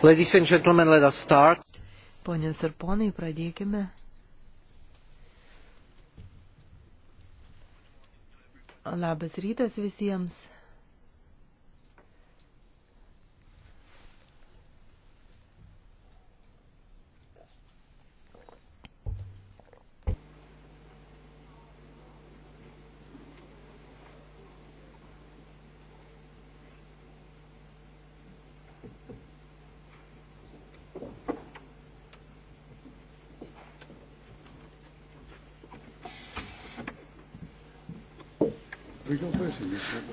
Ladies and gentlemen, let us start. Ponios ir ponai, pradėkime. Labas rytas visiems.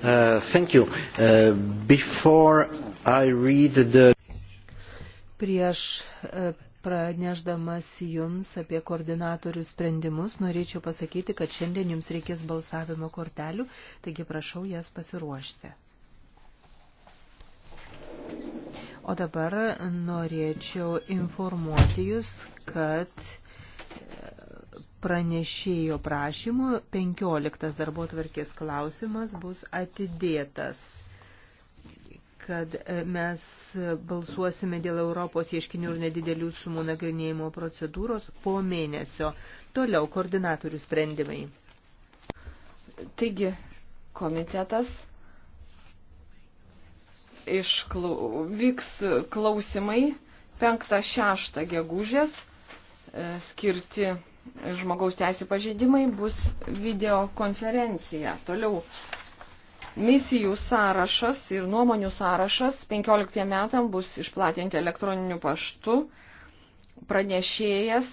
Uh, thank you. Uh, before I read the... Prieš uh, pranešdamas jums apie koordinatorių sprendimus, norėčiau pasakyti, kad šiandien jums reikės balsavimo kortelių, taigi prašau jas pasiruošti. O dabar norėčiau informuoti jūs, kad pranešėjo prašymu 15 darbo tvarkės klausimas bus atidėtas kad e, mes balsuosime dėl Europos ieškinių ir nedidelių sumų nagrinėjimo procedūros po mėnesio. Toliau koordinatorių sprendimai. Taigi, komitetas išklau, vyks klausimai 5-6 gegužės e, skirti žmogaus teisų pažeidimai bus videokonferencija. Toliau misijų sąrašas ir nuomonių sąrašas 15 metam bus išplatinti elektroniniu paštu pranešėjas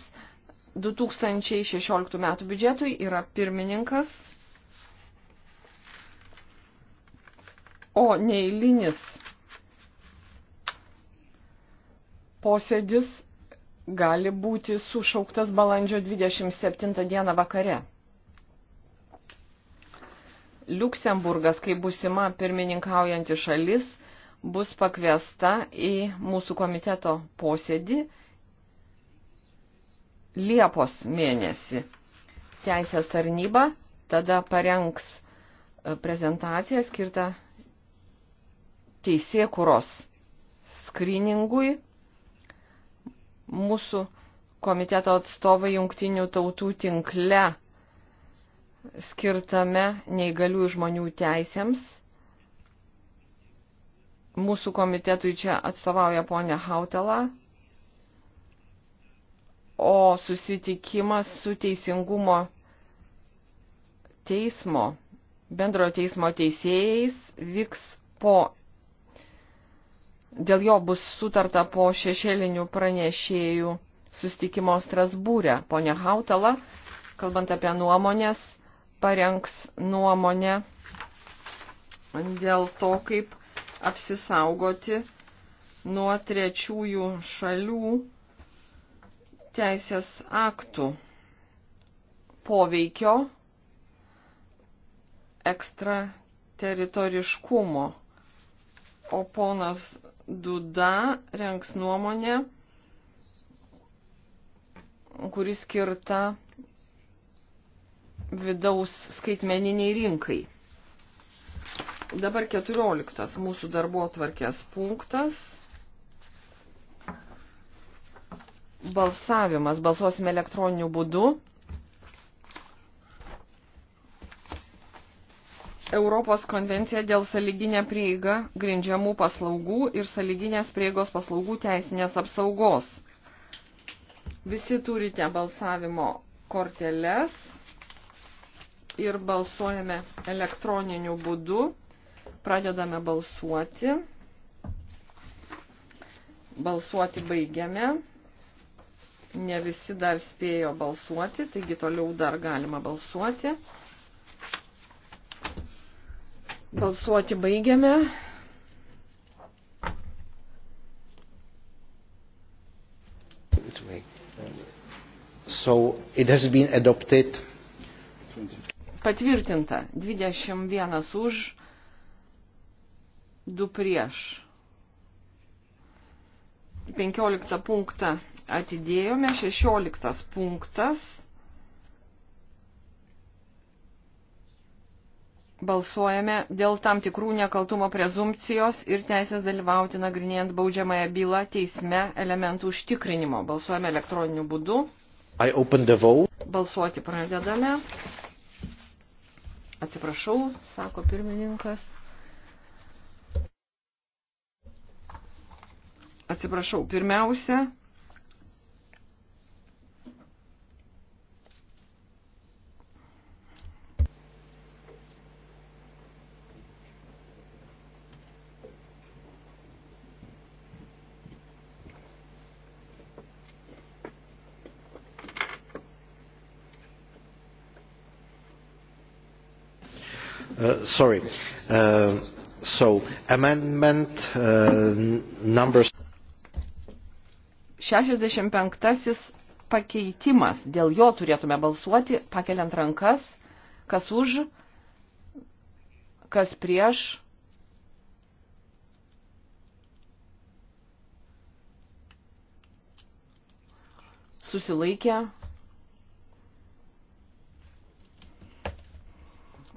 2016 metų biudžetui yra pirmininkas, o neįlinis posėdis gali būti sušauktas balandžio 27 dieną vakare. Liuksemburgas, kaip busima pirmininkaujanti šalis, bus pakviesta į mūsų komiteto posėdį Liepos mėnesį. Teisės tarnyba tada parengs e, prezentaciją skirtą teisėkuros skriningui Mūsų komiteto atstovai jungtinių tautų tinkle skirtame neįgalių žmonių teisėms. Mūsų komitetui čia atstovauja ponia Hautela, o susitikimas su teisingumo teismo, bendrojo teismo teisėjais vyks po Dėl jo bus sutarta po šešėlinių pranešėjų sustikimo Strasbūrė. Pone Hautala, kalbant apie nuomonės, parengs nuomonę dėl to, kaip apsisaugoti nuo trečiųjų šalių teisės aktų poveikio ekstrateritoriškumo. O ponas Duda renks nuomonę, kuris skirta vidaus skaitmeniniai rinkai. Dabar 14 mūsų darbo atvarkės punktas. Balsavimas. Balsuosime elektroniniu būdu. Europos konvencija dėl saliginę prieigą grindžiamų paslaugų ir saliginės prieigos paslaugų teisinės apsaugos. Visi turite balsavimo korteles ir balsuojame elektroniniu būdu. Pradedame balsuoti. Balsuoti baigiame. Ne visi dar spėjo balsuoti, taigi toliau dar galima balsuoti. Balsuoti baigiame. So it has been adopted. Patvirtinta 21 už, 2 prieš. 15 punktą atidėjome, 16 punktas. balsuojame dėl tam tikrų nekaltumo prezumcijos ir teisės dalyvauti nagrinėjant baudžiamąją bylą teisme elementų užtikrinimo. Balsuojame elektroniniu būdu. Balsuoti pradedame. Atsiprašau, sako pirmininkas. Atsiprašau, pirmiausia, Uh, sorry. Uh, so, amendment uh, numbers. 65 pakeitimas, dėl jo turėtume balsuoti, pakeliant rankas, kas už, kas prieš. Susilaikę.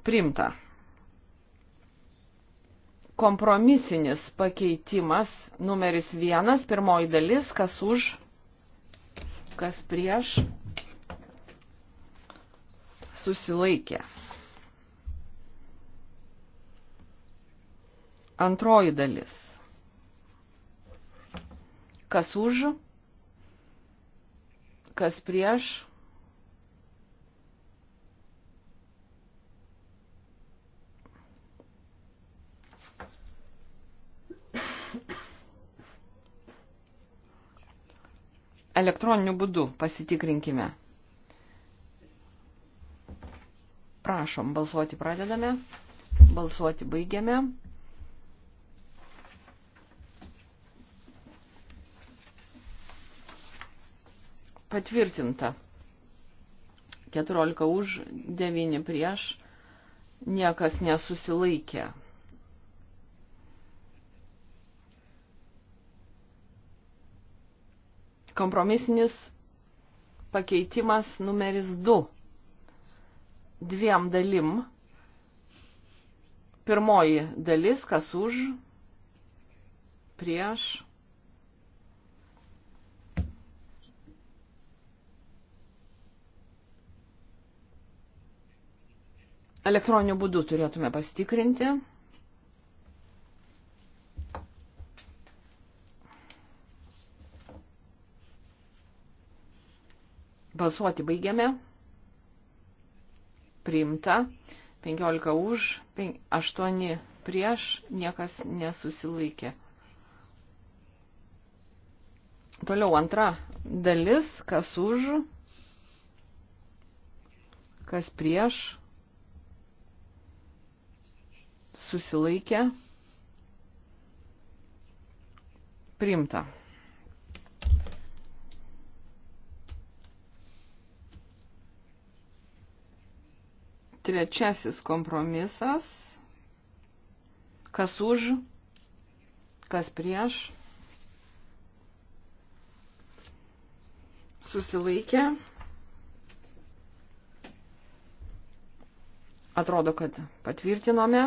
Primta kompromisinis pakeitimas numeris vienas, pirmoji dalis, kas už, kas prieš, susilaikė. Antroji dalis. Kas už, kas prieš, Elektroniniu būdu pasitikrinkime. Prašom, balsuoti pradedame, balsuoti baigiame. Patvirtinta. 14 už, 9 prieš, niekas nesusilaikė. Kompromisinis pakeitimas numeris 2. Dviem dalim. Pirmoji dalis, kas už, prieš. Elektroniniu būdu turėtume pasitikrinti. Balsuoti baigiame. Priimta. 15 už, 8 prieš, niekas nesusilaikė. Toliau antra dalis, kas už, kas prieš, susilaikė, priimta. Trečiasis kompromisas. Kas už, kas prieš. Susilaikė. Atrodo, kad patvirtinome.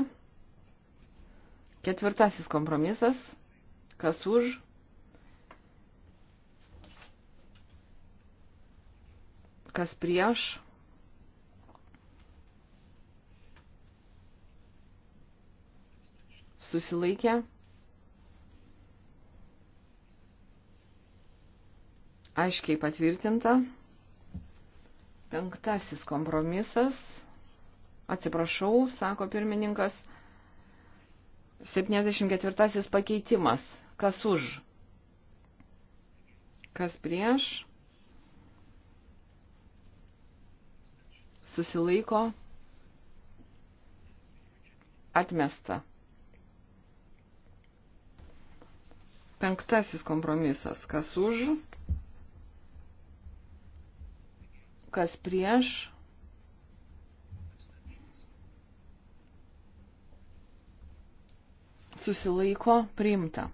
Ketvirtasis kompromisas. Kas už? Kas prieš? susilaikė. Aiškiai patvirtinta. Penktasis kompromisas. Atsiprašau, sako pirmininkas. 74 pakeitimas. Kas už? Kas prieš? Susilaiko. Atmesta. Penktasis kompromisas. Kas už? Kas prieš? Susilaiko priimta.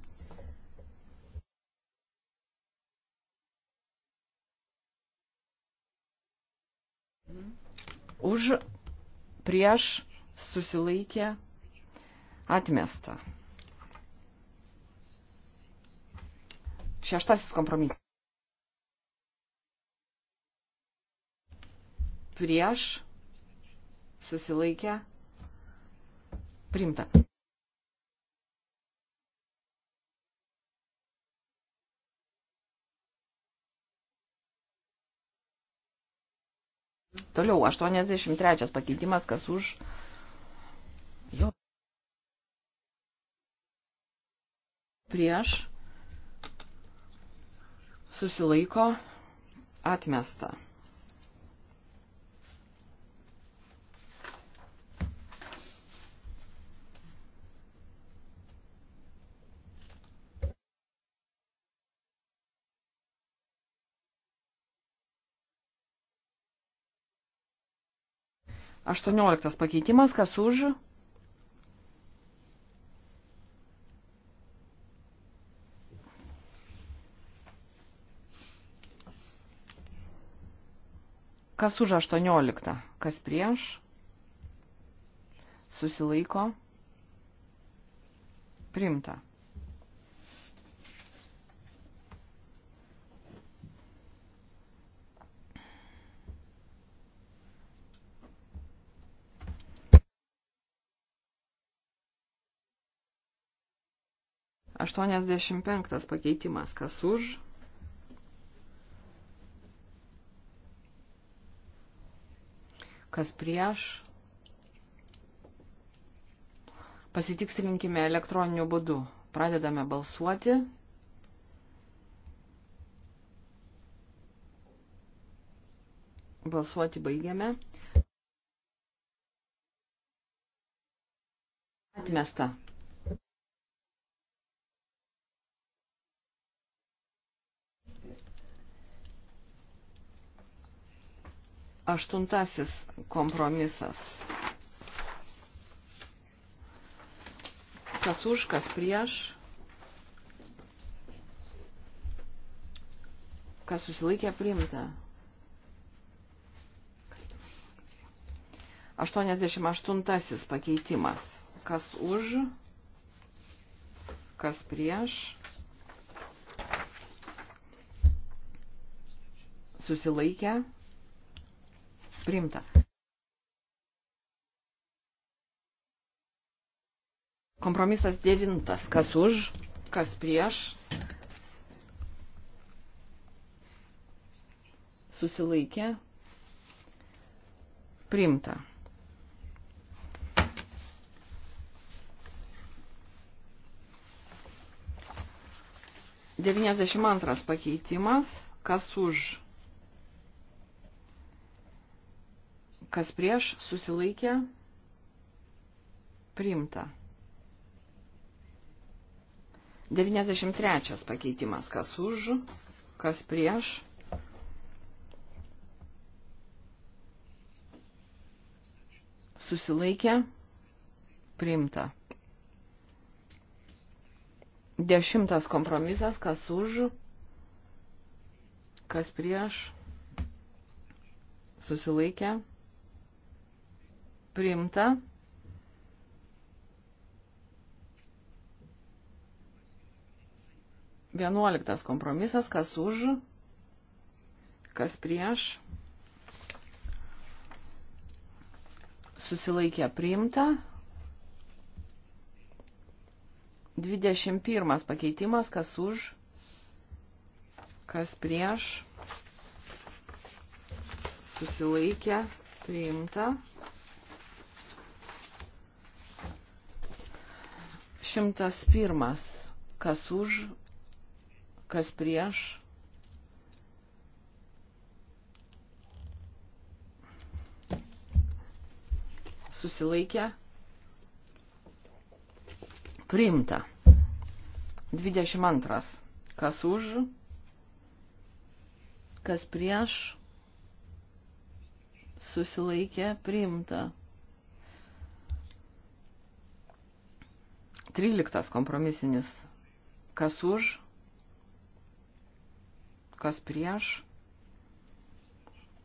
Už prieš susilaikė atmesta. Šeštasis kompromisas. Prieš susilaikę primta. Toliau 83 pakeitimas, kas už jo prieš susilaiko atmesta. Aštuonioliktas pakeitimas, kas už, Kas už 18? Kas prieš? Susilaiko? Primta. Aštuoniasdešimt penktas pakeitimas. Kas už? kas prieš. Pasitikslinkime elektroniniu būdu. Pradedame balsuoti. Balsuoti baigiame. Atmesta. Aštuntasis kompromisas. Kas už, kas prieš. Kas susilaikė priimta. 88 pakeitimas. Kas už, kas prieš. Susilaikę. Priimta. Kompromisas devintas. Kas už, kas prieš. Susilaikė. Priimta. Devyniasdešimt antras pakeitimas. Kas už, Kas prieš susilaikė priimta. 93 pakeitimas. Kas už, kas prieš. Susilaikė priimta. Dešimtas kompromisas, kas už, kas prieš, susilaikė, priimta. Vienuoliktas kompromisas, kas už, kas prieš, susilaikė priimta. 21 pakeitimas, kas už, kas prieš, susilaikė priimta. 101. Kas už, kas prieš. Susilaikė. Priimta. 22. Kas už, kas prieš. Susilaikė. Priimta. 13 kompromisinis. Kas už, kas prieš,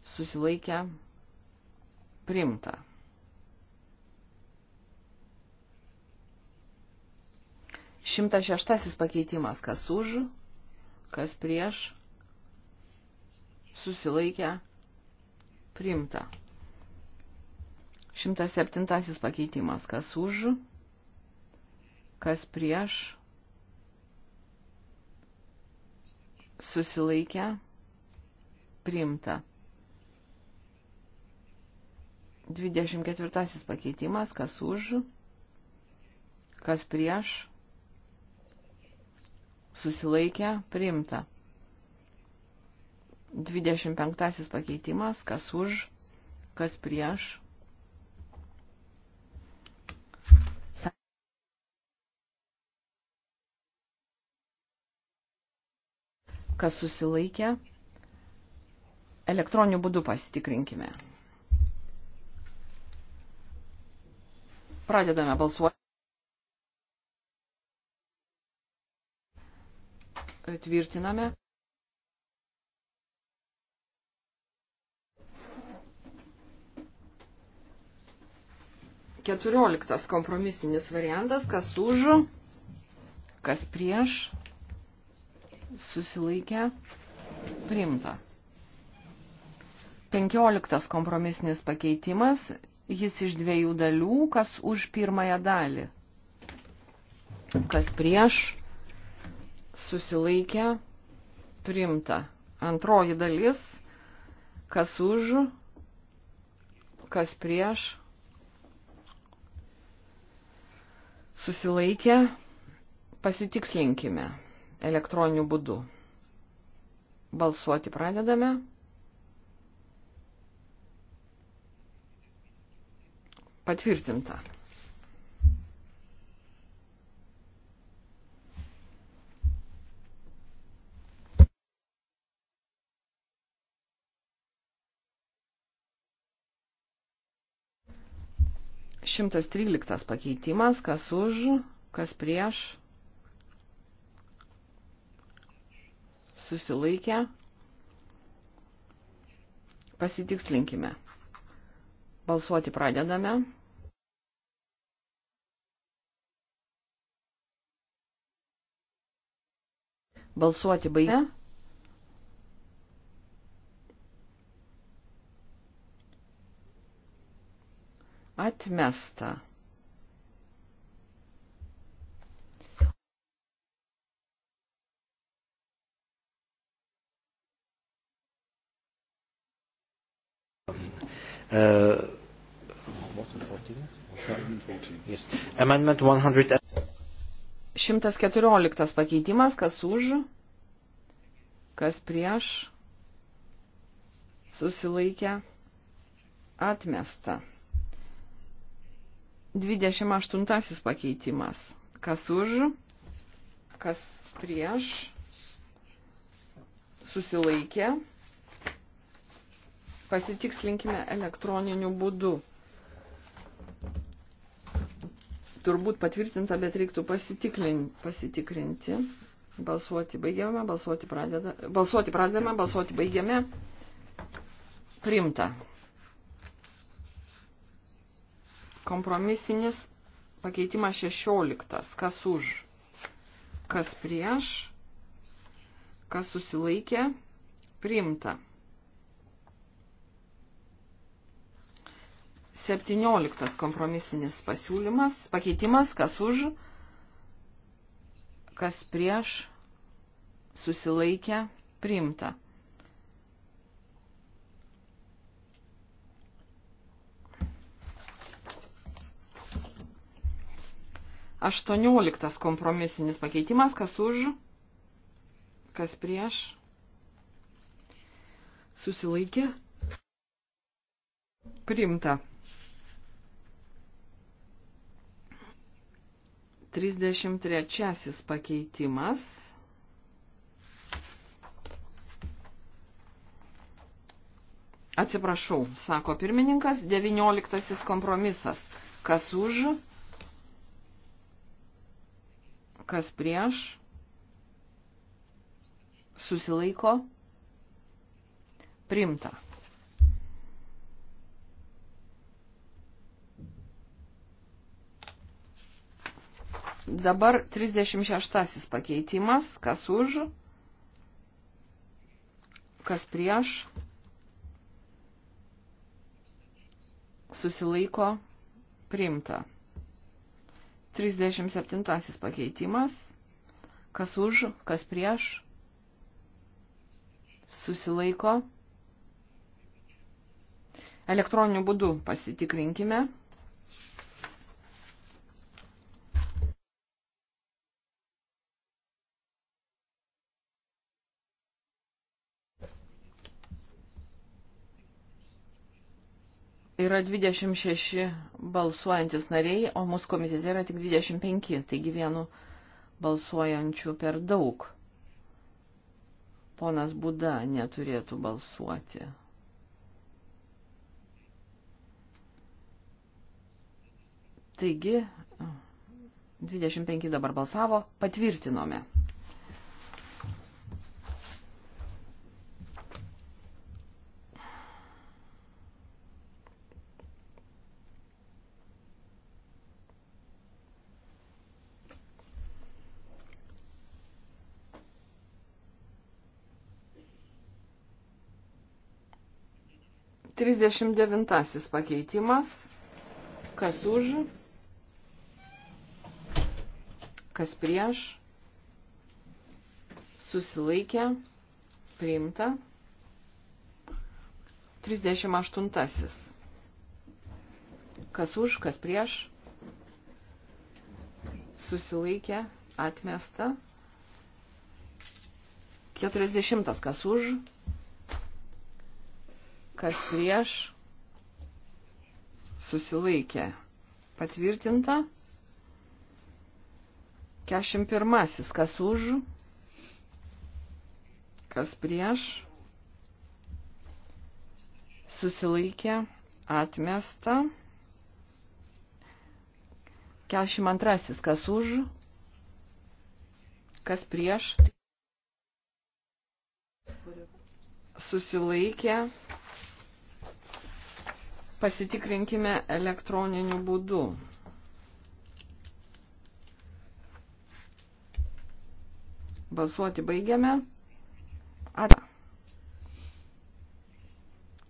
susilaikę, primta. Šimtas šeštasis pakeitimas, kas už, kas prieš, susilaikę, primta. Šimtas septintasis pakeitimas, kas už, kas prieš kas prieš, susilaikę, priimta. 24 pakeitimas, kas už, kas prieš, susilaikę, priimta. 25 pakeitimas, kas už, kas prieš, kas susilaikė, elektroniniu būdu pasitikrinkime. Pradedame balsuoti. Tvirtiname. Keturioliktas kompromisinis variantas, kas už, kas prieš, susilaikę, priimta. 15 kompromisinis pakeitimas, jis iš dviejų dalių, kas už pirmąją dalį, kas prieš, susilaikę, priimta. Antroji dalis, kas už, kas prieš, susilaikę, pasitikslinkime elektroniniu būdu. Balsuoti pradedame. Patvirtinta. Šimtas tryliktas pakeitimas, kas už, kas prieš susilaikę, pasitikslinkime. Balsuoti pradedame. Balsuoti baigę. Atmesta. Uh, yes. Amendment 100. 114 pakeitimas, kas už, kas prieš, susilaikė, atmesta. 28 pakeitimas, kas už, kas prieš, susilaikė, atmesta pasitikslinkime elektroniniu būdu. Turbūt patvirtinta, bet reiktų pasitikrinti. Balsuoti baigiame, balsuoti pradedame, balsuoti, pradedame, balsuoti baigiame. Primta. Kompromisinis pakeitimas 16. Kas už? Kas prieš? Kas susilaikė? Primta. 17 kompromisinis pasiūlymas, pakeitimas, kas už, kas prieš, susilaikę, priimta. Aštuonioliktas kompromisinis pakeitimas, kas už, kas prieš, susilaikė, priimta. 33 pakeitimas. Atsiprašau, sako pirmininkas, 19 kompromisas. Kas už, kas prieš, susilaiko, primta. Dabar 36 pakeitimas, kas už, kas prieš, susilaiko priimta. 37 pakeitimas, kas už, kas prieš, susilaiko. Elektroniniu būdu pasitikrinkime. yra 26 balsuojantis nariai, o mūsų komitete yra tik 25, taigi vienu balsuojančiu per daug. Ponas Buda neturėtų balsuoti. Taigi, 25 dabar balsavo, patvirtinome. 39 pakeitimas. Kas už? Kas prieš? Susilaikė. Priimta. 38. Kas už, kas prieš? Susilaikė. Atmesta. 40. Kas už? kas prieš, susilaikė. Patvirtinta. 41. Kas už, kas prieš, susilaikė, atmesta. 42. Kas už, kas prieš, susilaikė, pasitikrinkime elektroniniu būdu. Balsuoti baigiame. Ar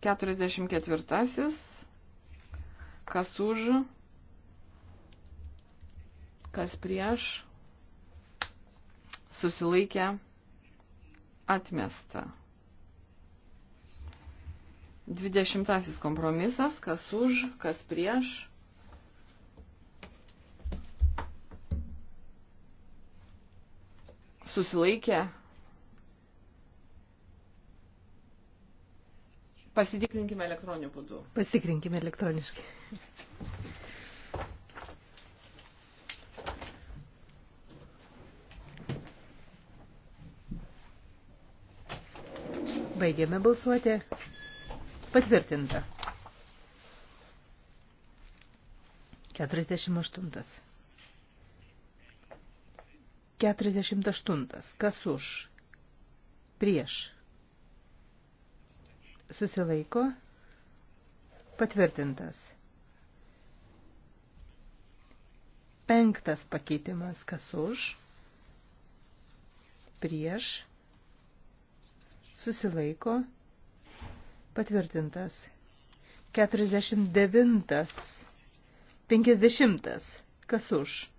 44. Kas už, kas prieš, susilaikę, atmesta. Dvidešimtasis kompromisas, kas už, kas prieš. Susilaikė. Pasitikrinkime elektroniniu būdu. Pasitikrinkime elektroniškai. Baigėme balsuoti. Patvirtinta. 48. 48. Kas už? Prieš. Susilaiko. Patvirtintas. Penktas pakeitimas. Kas už? Prieš. Susilaiko. Patvirtintas Patvirtintas. 49. 50. Kas už?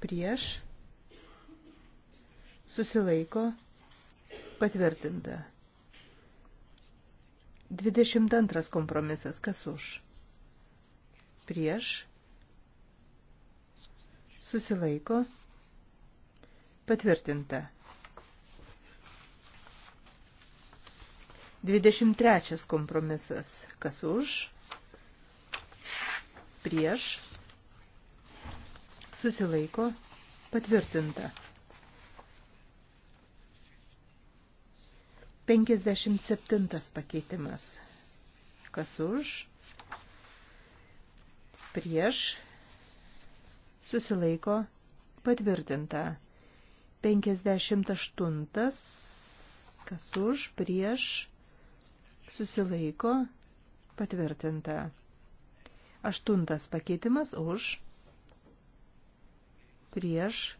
Prieš. Susilaiko. Patvirtinta. 22 kompromisas. Kas už? Prieš. Susilaiko. Patvirtinta. 23 kompromisas. Kas už? Prieš. Susilaiko. Patvirtinta. 57 pakeitimas. Kas už? Prieš. Susilaiko. Patvirtinta. 58. Kas už? Prieš susilaiko, patvirtinta. Aštuntas pakeitimas už, prieš,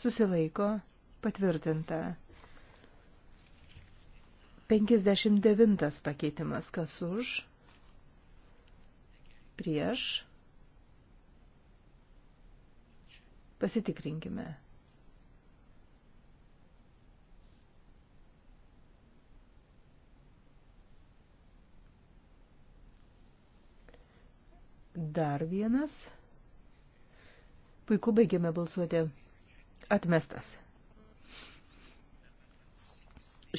susilaiko, patvirtinta. 59 pakeitimas kas už, prieš, pasitikrinkime. Dar vienas. Puiku, baigėme balsuoti. Atmestas.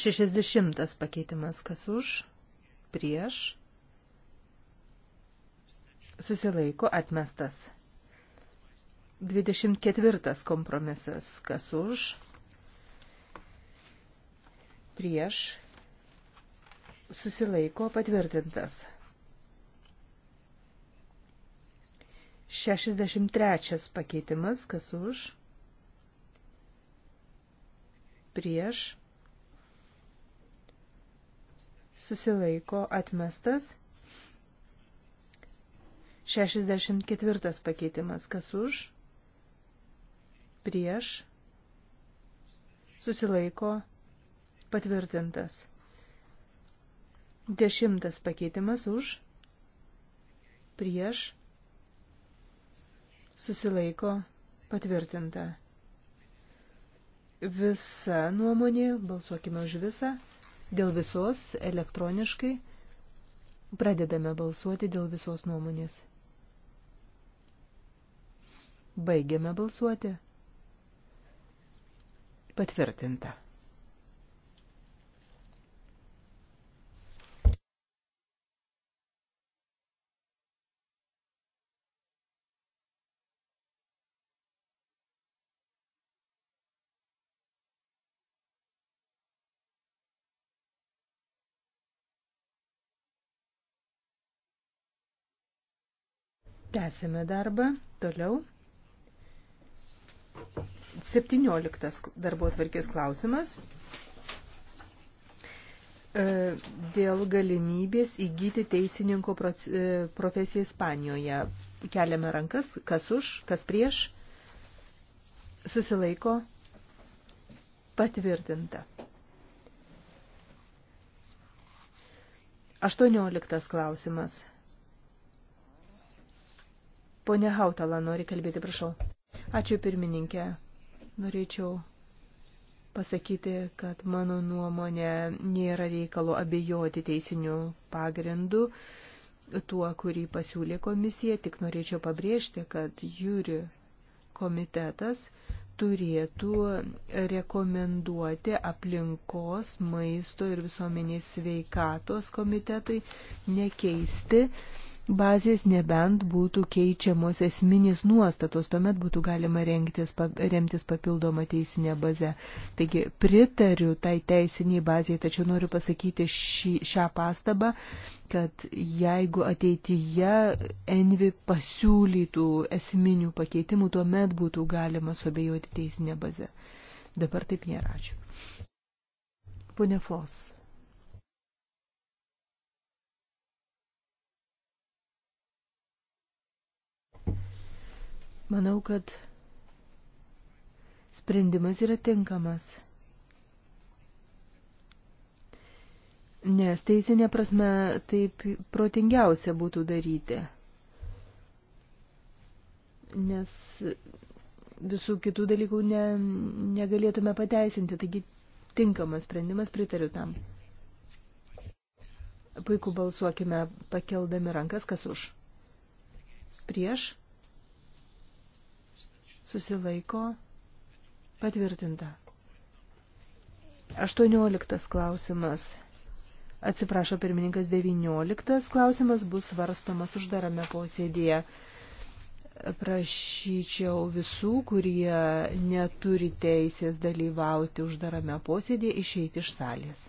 60 pakeitimas. Kas už? Prieš. Susilaiko atmestas. 24 kompromisas. Kas už? Prieš. Susilaiko patvirtintas. 63 pakeitimas, kas už, prieš, susilaiko atmestas, 64 pakeitimas, kas už, prieš, susilaiko patvirtintas, 10 pakeitimas už, prieš, susilaiko patvirtinta. Visa nuomonė, balsuokime už visą, dėl visos elektroniškai pradedame balsuoti dėl visos nuomonės. Baigiame balsuoti. Patvirtinta. Tęsime darbą. Toliau. 17 darbo atvarkės klausimas e, dėl galimybės įgyti teisininko e, profesiją Ispanijoje. Keliame rankas, kas už, kas prieš, susilaiko patvirtinta. 18 klausimas. Pone Hautala nori kalbėti, prašau. Ačiū pirmininkė. Norėčiau pasakyti, kad mano nuomonė nėra reikalo abejoti teisinių pagrindų tuo, kurį pasiūlė komisija. Tik norėčiau pabrėžti, kad jūri komitetas turėtų rekomenduoti aplinkos, maisto ir visuomenės sveikatos komitetui nekeisti bazės, nebent būtų keičiamos esminės nuostatos, tuomet būtų galima rengtis, remtis papildomą teisinę bazę. Taigi pritariu tai teisiniai baziai, tačiau noriu pasakyti šį, šią pastabą, kad jeigu ateityje Envi pasiūlytų esminių pakeitimų, tuomet būtų galima suabejoti teisinę bazę. Dabar taip nėra. Ačiū. Pone Fos. Manau, kad sprendimas yra tinkamas. Nes teisinė prasme taip protingiausia būtų daryti. Nes visų kitų dalykų ne, negalėtume pateisinti, taigi tinkamas sprendimas pritariu tam. Puiku balsuokime pakeldami rankas, kas už. Prieš susilaiko, patvirtinta. 18 klausimas. Atsiprašo pirmininkas 19 klausimas bus svarstomas uždarame posėdėje. Prašyčiau visų, kurie neturi teisės dalyvauti uždarame posėdėje, išeiti iš salės.